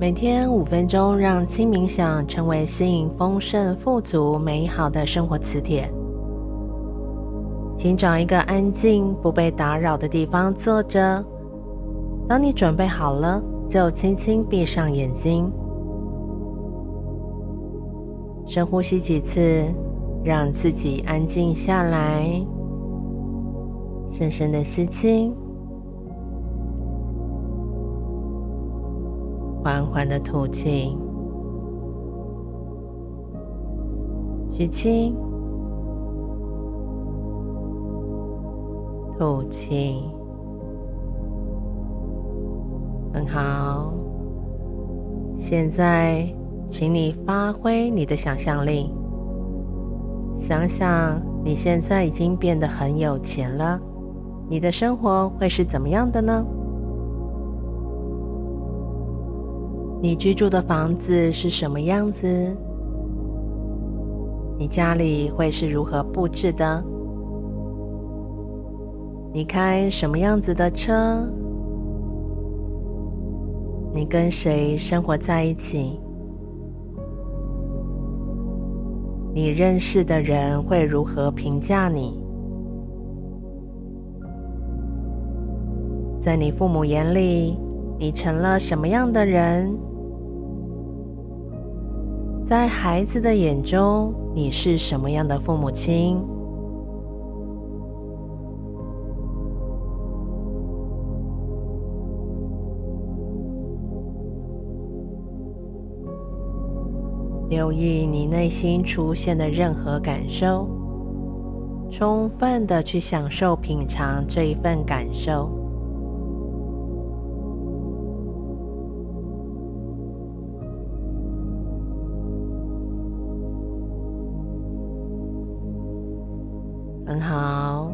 每天五分鐘，讓輕冥想成為吸引豐盛、富足、美好的生活磁鐵。請找一個安靜、不被打擾的地方坐着。當你準備好了，就輕輕閉上眼睛，深呼吸幾次，讓自己安靜下來，深深的吸氣。緩緩的吐氣，吸氣，吐氣，很好。現在，請你發揮你的想象力，想想你現在已經變得很有錢了，你的生活會是怎麼樣的呢？你居住的房子是什麼樣子？你家裡會是如何布置的？你開什麼樣子的車？你跟誰生活在一起？你認識的人會如何評價你？在你父母眼裡，你成了什麼樣的人？在孩子的眼中，你是什麼樣的父母親？留意你內心出現的任何感受，充分的去享受、品嘗這一份感受。很好，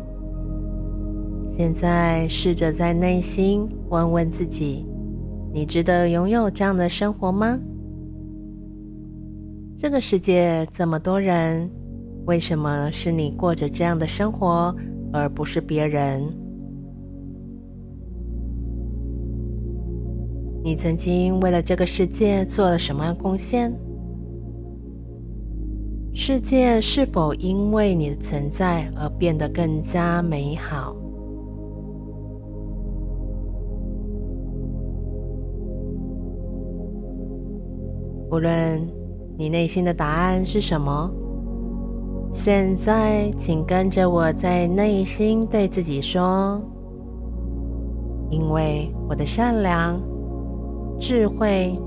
現在試着在內心問問自己：你值得擁有這樣的生活嗎？這個世界這麼多人，為什麼是你過着這樣的生活，而不是別人？你曾經為了這個世界做了什麼貢獻？世界是否因為你的存在而變得更加美好？無論你內心的答案是什麼，現在請跟着我在內心對自己說：“因為我的善良、智慧、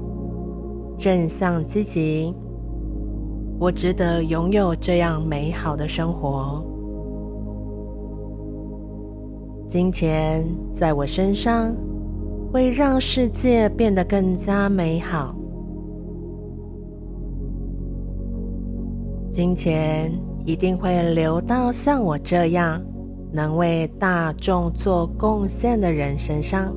正向、積極。”我值得擁有這樣美好的生活。金錢在我身上會讓世界變得更加美好。金錢一定會流到像我這樣能為大眾做貢獻的人身上。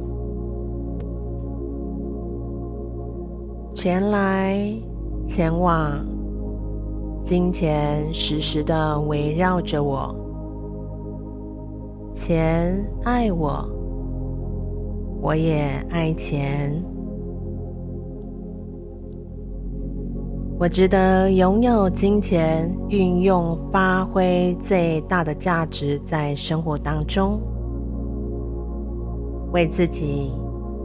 錢來，錢往。金錢時時的圍繞着我，錢愛我，我也愛錢，我值得擁有金錢，運用發揮最大的價值，在生活當中，為自己、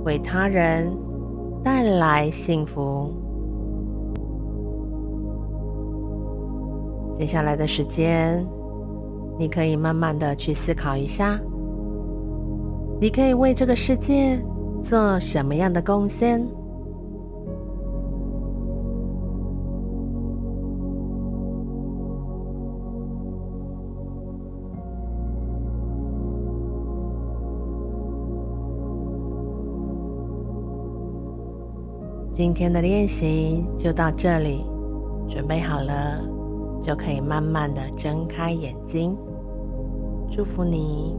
為他人帶來幸福。接下來的時間，你可以慢慢的去思考一下，你可以為這個世界做什麼樣的貢獻？今天的練習就到這裡，準備好了。就可以慢慢的睜開眼睛，祝福你。